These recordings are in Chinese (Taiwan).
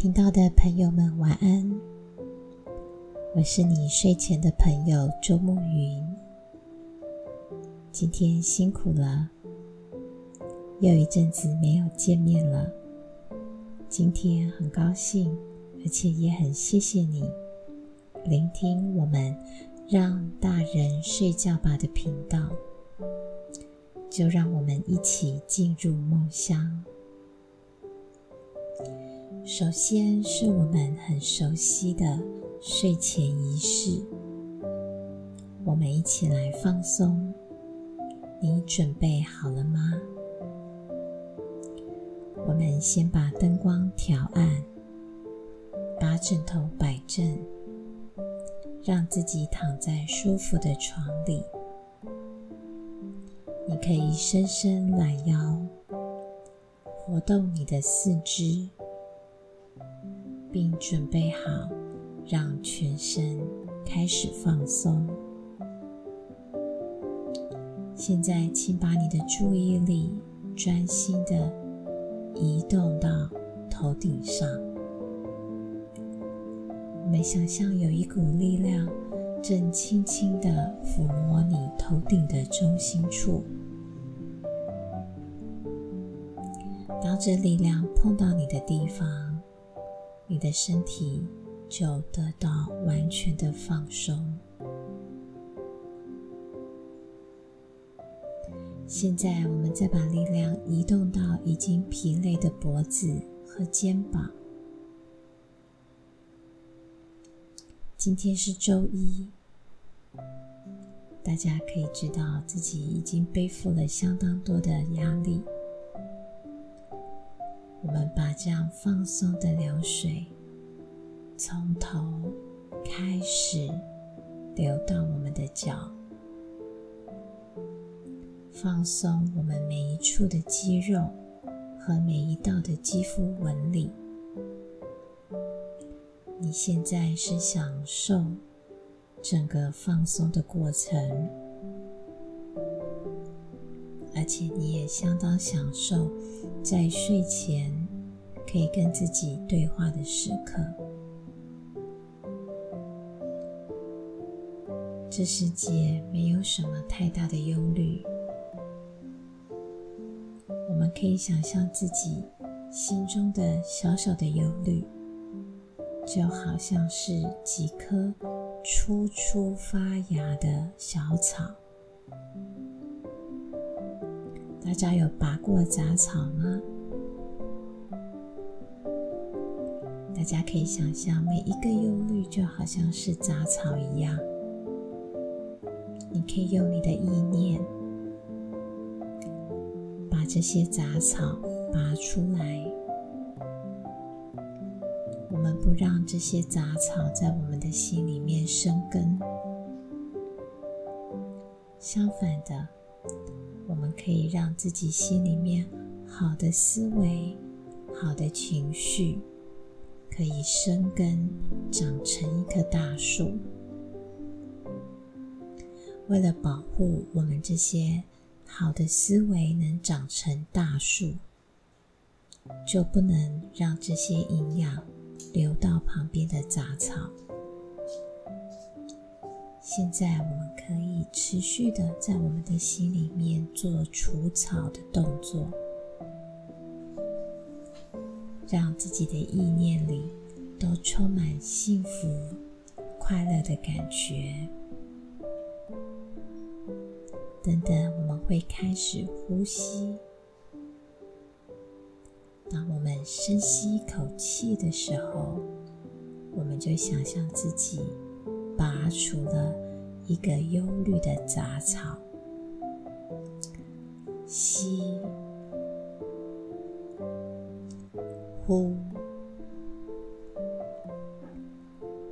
頻道的朋友們，晚安！我是你睡前的朋友周沐昀。今天辛苦了，又一陣子沒有見面了。今天很高興，而且也很謝謝你聆聽我們“讓大人睡覺吧”的頻道。就讓我們一起進入夢鄉。首先是我們很熟悉的睡前儀式，我們一起來放鬆。你準備好了嗎？我們先把燈光調暗，把枕頭擺正，讓自己躺在舒服的床裡。你可以伸伸懶腰，活動你的四肢。並準備好，讓全身開始放鬆。現在，請把你的注意力專心的移動到頭頂上。每想象有一股力量正輕輕的撫摸你頭頂的中心處。當這力量碰到你的地方，你的身體就得到完全的放鬆。現在，我們再把力量移動到已經疲累的脖子和肩膀。今天是周一，大家可以知道自己已經背負了相當多的壓力。我們把這樣放鬆的流水，從頭開始流到我們的腳，放鬆我們每一處的肌肉和每一道的肌膚紋理。你現在是享受整個放鬆的過程。而且你也相當享受在睡前可以跟自己對話的時刻。這世界沒有什麼太大的憂慮，我們可以想象自己心中的小小的憂慮，就好像是幾棵初初發芽的小草。大家有拔過雜草嗎？大家可以想象，每一個憂慮就好像是雜草一樣，你可以用你的意念把這些雜草拔出來。我們不讓這些雜草在我們的心裡面生根。相反的。可以讓自己心裡面好的思維、好的情緒可以生根長成一棵大樹。為了保護我們這些好的思維能長成大樹，就不能讓這些營養流到旁邊的雜草。現在我們可以持續的在我們的心裡面做除草的動作，讓自己的意念裡都充滿幸福、快樂的感覺。等等，我們會開始呼吸。當我們深吸一口氣的時候，我們就想象自己。拔除了一個憂慮的雜草。吸，呼，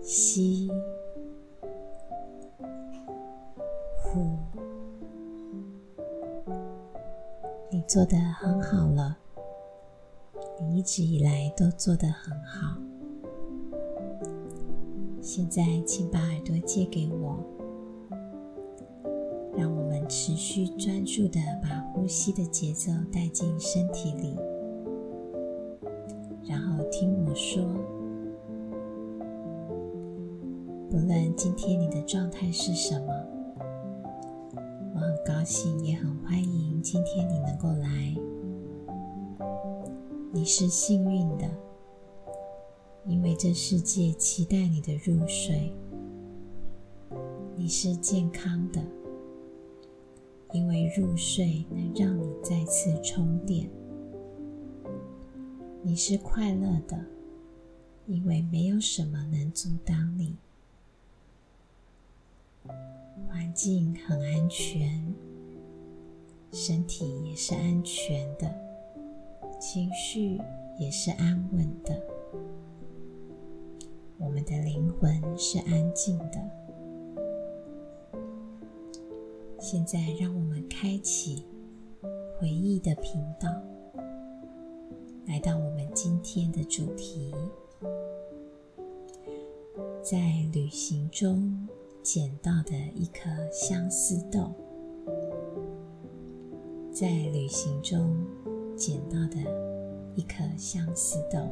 吸，呼。你做得很好了。你一直以來都做得很好。現在，請把耳朵借給我，讓我們持續專注地把呼吸的節奏帶進身體裡，然後聽我說。不論今天你的狀態是什麼，我很高興，也很歡迎今天你能夠來。你是幸運的。因為這世界期待你的入睡，你是健康的；因為入睡能讓你再次充電，你是快樂的；因為沒有什麼能阻擋你，環境很安全，身體也是安全的，情緒也是安穩的。我們的靈魂是安靜的。現在，讓我們開啟回憶的頻道，來到我們今天的主題：在旅行中撿到的一顆相思豆。在旅行中撿到的一顆相思豆。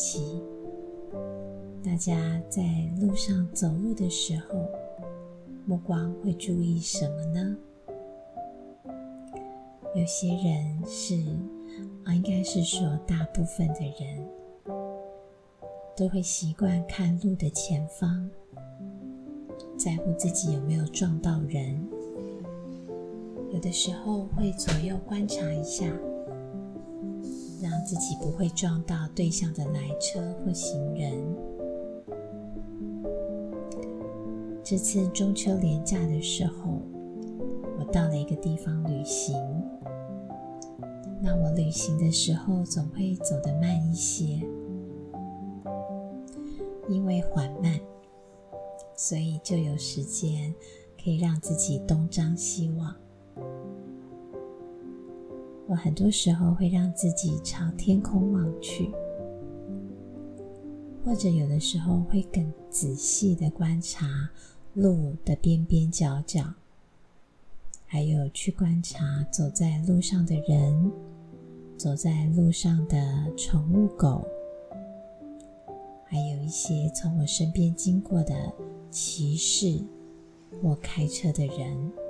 其大家在路上走路的時候，目光會注意什麼呢？有些人是，啊，應該是說大部分的人，都會習慣看路的前方，在乎自己有沒有撞到人，有的時候會左右觀察一下。讓自己不會撞到對向的來車或行人。這次中秋連假的時候，我到了一個地方旅行。那我旅行的時候總會走得慢一些，因為緩慢，所以就有時間可以讓自己東張西望。我很多時候會讓自己朝天空望去，或者有的時候會更仔細的觀察路的邊邊角角，還有去觀察走在路上的人、走在路上的寵物狗，還有一些從我身邊經過的騎士、或開車的人。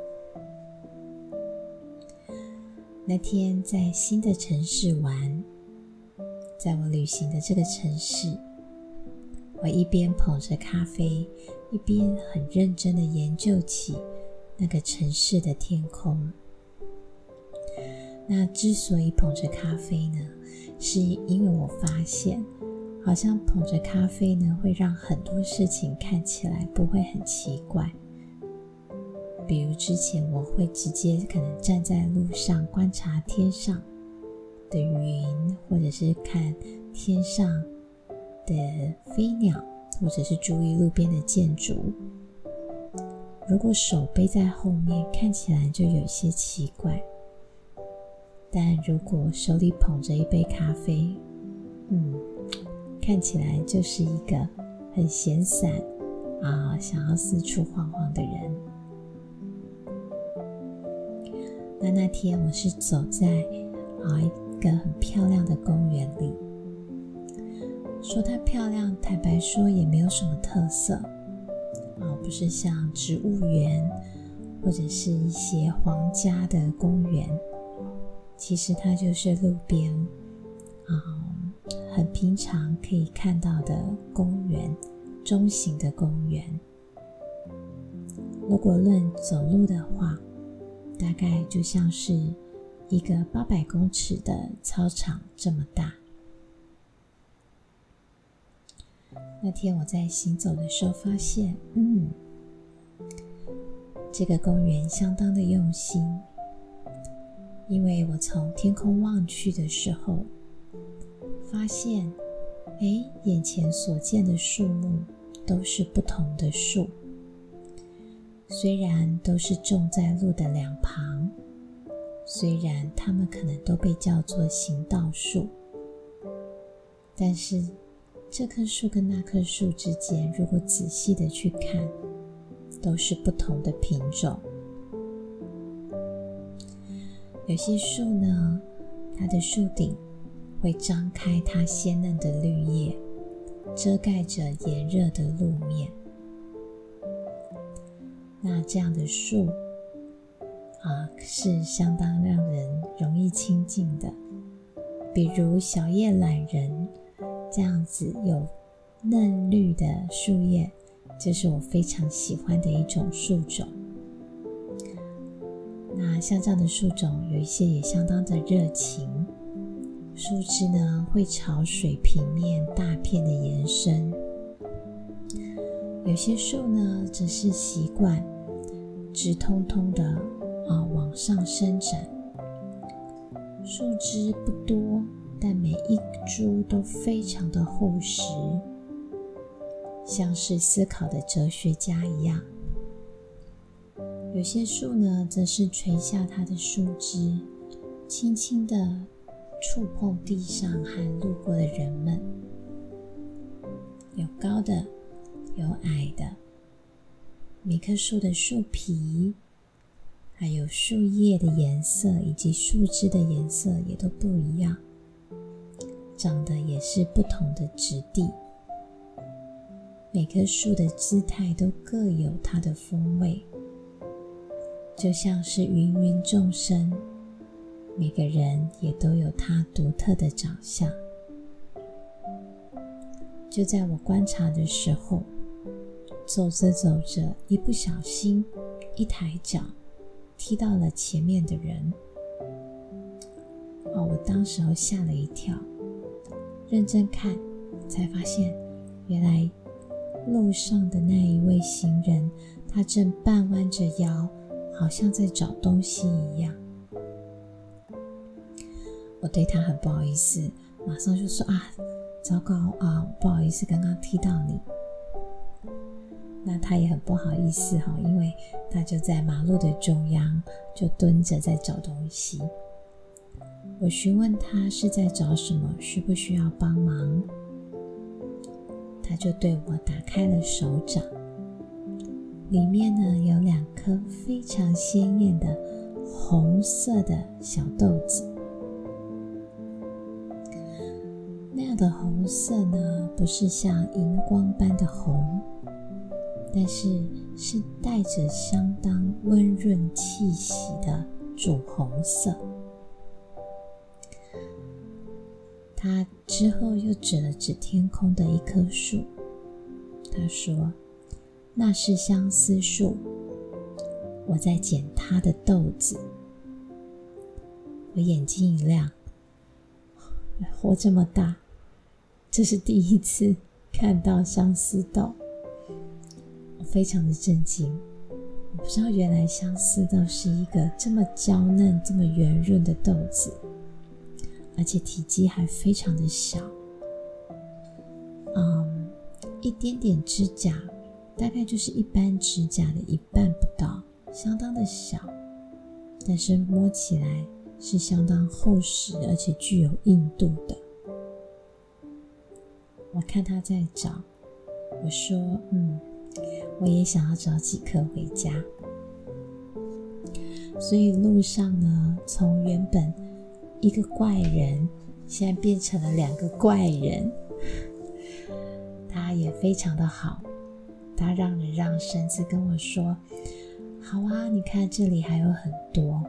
那天在新的城市玩，在我旅行的這個城市，我一邊捧着咖啡，一邊很認真的研究起那個城市的天空。那之所以捧着咖啡呢，是因為我發現，好像捧着咖啡呢，會讓很多事情看起來不會很奇怪。比如，之前我會直接可能站在路上觀察天上的雲，或者是看天上的飛鳥，或者是注意路邊的建築。如果手背在後面，看起來就有些奇怪，但如果手裡捧着一杯咖啡，嗯，看起來就是一個很閒散，啊，想要四處晃晃的人。那那天我是走在啊一個很漂亮的公園裡，說它漂亮，坦白說也沒有什麼特色啊，不是像植物園或者是一些皇家的公園，其實它就是路邊啊很平常可以看到的公園，中型的公園。如果論走路的話。大概就像是一個八百公尺的操場這麼大。那天我在行走的時候發現，嗯，這個公園相當的用心，因為我從天空望去的時候，發現，哎，眼前所見的樹木都是不同的樹。雖然都是種在路的兩旁，雖然它們可能都被叫做行道樹，但是這棵樹跟那棵樹之間，如果仔細的去看，都是不同的品種。有些樹呢，它的樹頂會張開它鮮嫩的綠葉，遮蓋着炎熱的路面。那這樣的樹，啊，是相當讓人容易親近的。比如小葉欖仁，這樣子有嫩綠的樹葉，這、就是我非常喜歡的一種樹種。那像這樣的樹種，有一些也相當的熱情，樹枝呢會朝水平面大片的延伸。有些樹呢，則是習慣直通通的啊往上伸展，樹枝不多，但每一株都非常的厚實，像是思考的哲學家一樣。有些樹呢，則是垂下它的樹枝，輕輕地觸碰地上和路過的人們。有高的。有矮的，每棵樹的樹皮，還有樹葉的顏色以及樹枝的顏色也都不一樣，長得也是不同的質地。每棵樹的姿態都各有它的風味，就像是芸芸眾生，每個人也都有他獨特的長相。就在我觀察的時候。走着走着，一不小心一抬腳，踢到了前面的人。哦，我當時候嚇了一跳，認真看才發現，原來路上的那一位行人，他正半彎着腰，好像在找東西一樣。我對他很不好意思，馬上就說：“啊，糟糕啊，不好意思，剛剛踢到你。”那他也很不好意思哈，因為他就在馬路的中央，就蹲着在找東西。我詢問他是在找什麼，需不需要幫忙？他就對我打開了手掌，裡面呢，有兩顆非常鮮豔的紅色的小豆子。那樣的紅色呢，不是像熒光般的紅。但是是帶着相當溫潤氣息的朱紅色。他之後又指了指天空的一棵樹，他說：“那是相思樹，我在撿他的豆子。”我眼睛一亮，活這麼大，這是第一次看到相思豆。非常的震驚，我不知道原來相思豆是一個這麼嬌嫩、這麼圓潤的豆子，而且體積還非常的小，嗯，一點點指甲，大概就是一般指甲的一半不到，相當的小，但是摸起來是相當厚實，而且具有硬度的。我看他在找，我說，嗯。我也想要找幾顆回家，所以路上呢，從原本一個怪人，現在變成了兩個怪人。他也非常的好，他讓人讓，甚至跟我說：“好啊，你看這裡還有很多。”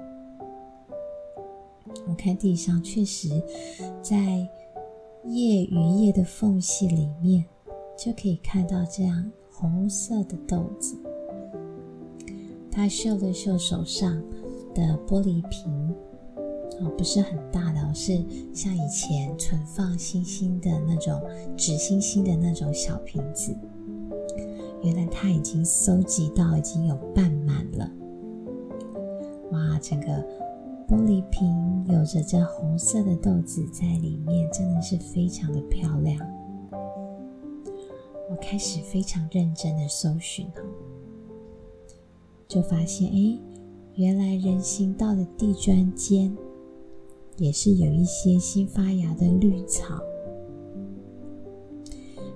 我看地上確實，在葉與葉的縫隙裡面，就可以看到這樣紅色的豆子，他嗅了嗅手上的玻璃瓶，哦，不是很大的，哦，是像以前存放星星的那種紙星星的那種小瓶子。原來他已經收集到已經有半滿了。哇，這個玻璃瓶有着這紅色的豆子在裡面，真的是非常的漂亮。開始非常認真的搜尋哦，就發現哎，原來人行道的地磚間也是有一些新發芽的綠草，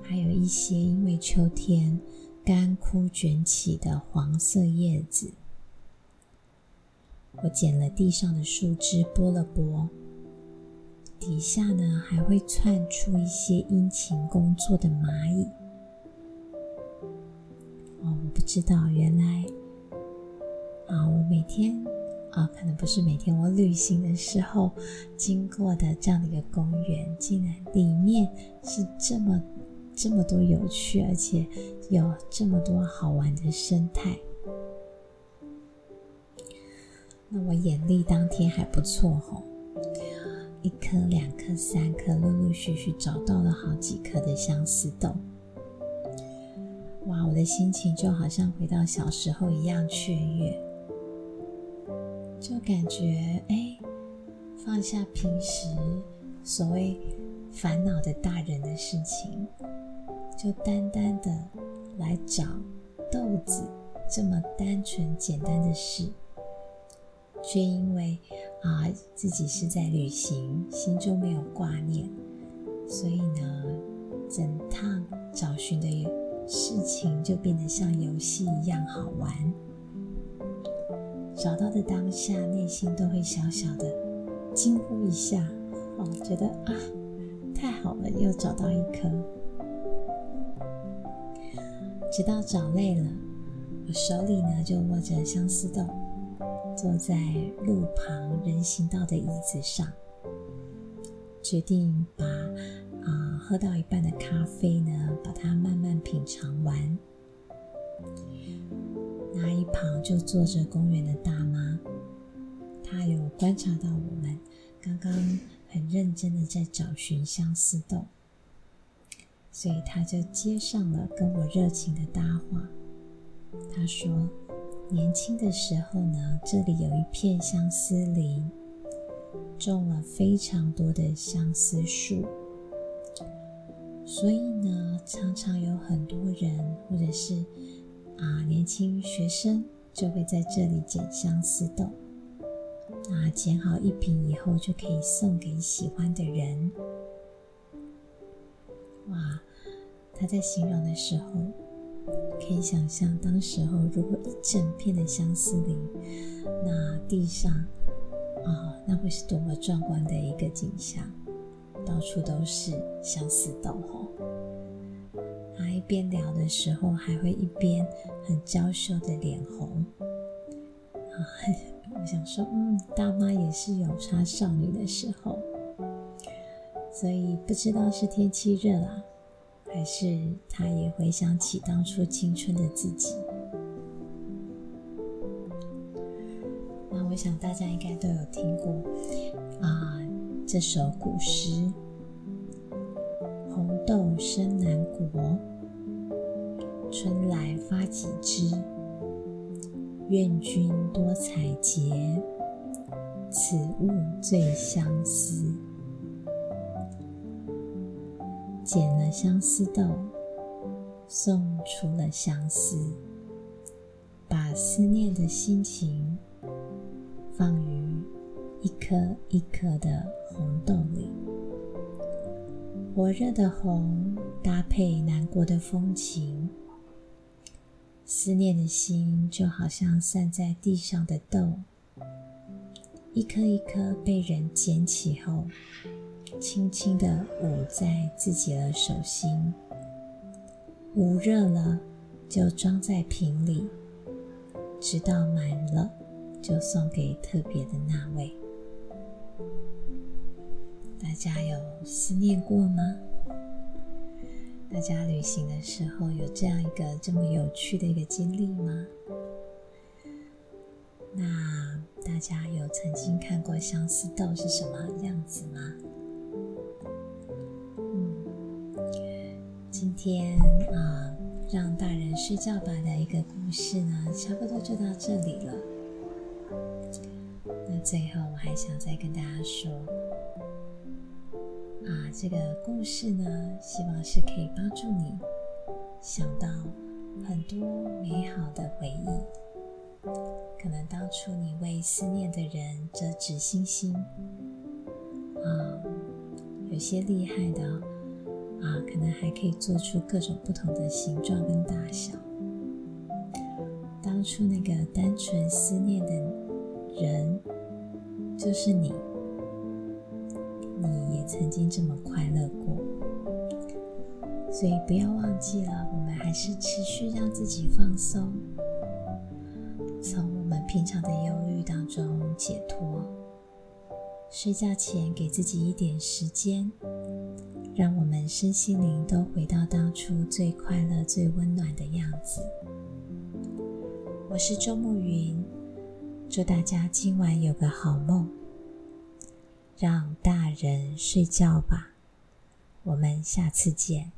還有一些因為秋天乾枯捲起的黃色葉子。我撿了地上的樹枝撥了撥，底下呢還會竄出一些殷勤工作的螞蟻。知道原來，啊，我每天啊，可能不是每天，我旅行的時候經過的這樣的一個公園，竟然裡面是這麼這麼多有趣，而且有這麼多好玩的生態。那我眼力當天還不錯哦，一顆、兩顆、三顆，陸陸續續找到了好幾顆的相思豆。哇，我的心情就好像回到小時候一樣雀躍，就感覺哎，放下平時所謂煩惱的大人的事情，就單單的來找豆子這麼單純簡單的事，卻因為啊自己是在旅行，心中沒有掛念，所以呢，整趟找尋的。事情就變得像遊戲一樣好玩。找到的當下，內心都會小小的驚呼一下，哦，覺得啊，太好了，又找到一顆。直到找累了，我手裡呢就握着相思豆，坐在路旁人行道的椅子上，決定把。喝到一半的咖啡呢，把它慢慢品嘗完。那一旁就坐着公園的大媽，她有觀察到我們剛剛很認真的在找尋相思豆，所以她就接上了，跟我熱情的搭話。她說：“年輕的時候呢，這裡有一片相思林，種了非常多的相思樹。”所以呢，常常有很多人，或者是啊年輕學生，就會在這裡撿相思豆。啊，撿好一瓶以後，就可以送給喜歡的人。哇，他在形容的時候，可以想象當時候如果一整片的相思林，那地上啊，那會是多麼壯觀的一個景象，到處都是相思豆哈、哦。邊聊的時候，還會一邊很嬌羞的臉紅啊。我想說，嗯，大媽也是有差少女的時候，所以不知道是天氣熱啊，還是她也回想起當初青春的自己。那我想大家應該都有聽過啊，這首古詩《紅豆生南國》。春來發幾枝，願君多采擷。此物最相思。撿了相思豆，送出了相思，把思念的心情放於一顆一顆的紅豆裡。火熱的紅搭配南國的風情。思念的心就好像散在地上的豆，一顆一顆被人撿起後，輕輕的捂在自己的手心，捂熱了就裝在瓶裡，直到滿了就送給特別的那位。大家有思念過嗎？大家旅行的時候有這樣一個這麼有趣的一個經歷嗎？那大家有曾經看過相思豆是什麼樣子嗎？嗯，今天啊，讓大人睡覺吧的一個故事呢，差不多就到這裡了。那最後我還想再跟大家說。這個故事呢，希望是可以幫助你想到很多美好的回憶。可能當初你為思念的人折紙星星，啊，有些厲害的啊，可能還可以做出各種不同的形狀跟大小。當初那個單純思念的人，就是你。你也曾經這麼快樂過，所以不要忘記了，我們還是持續讓自己放鬆，從我們平常的憂鬱當中解脫。睡覺前給自己一點時間，讓我們身心靈都回到當初最快樂、最溫暖的樣子。我是周沐昀，祝大家今晚有個好夢。讓大人睡覺吧，我們下次見。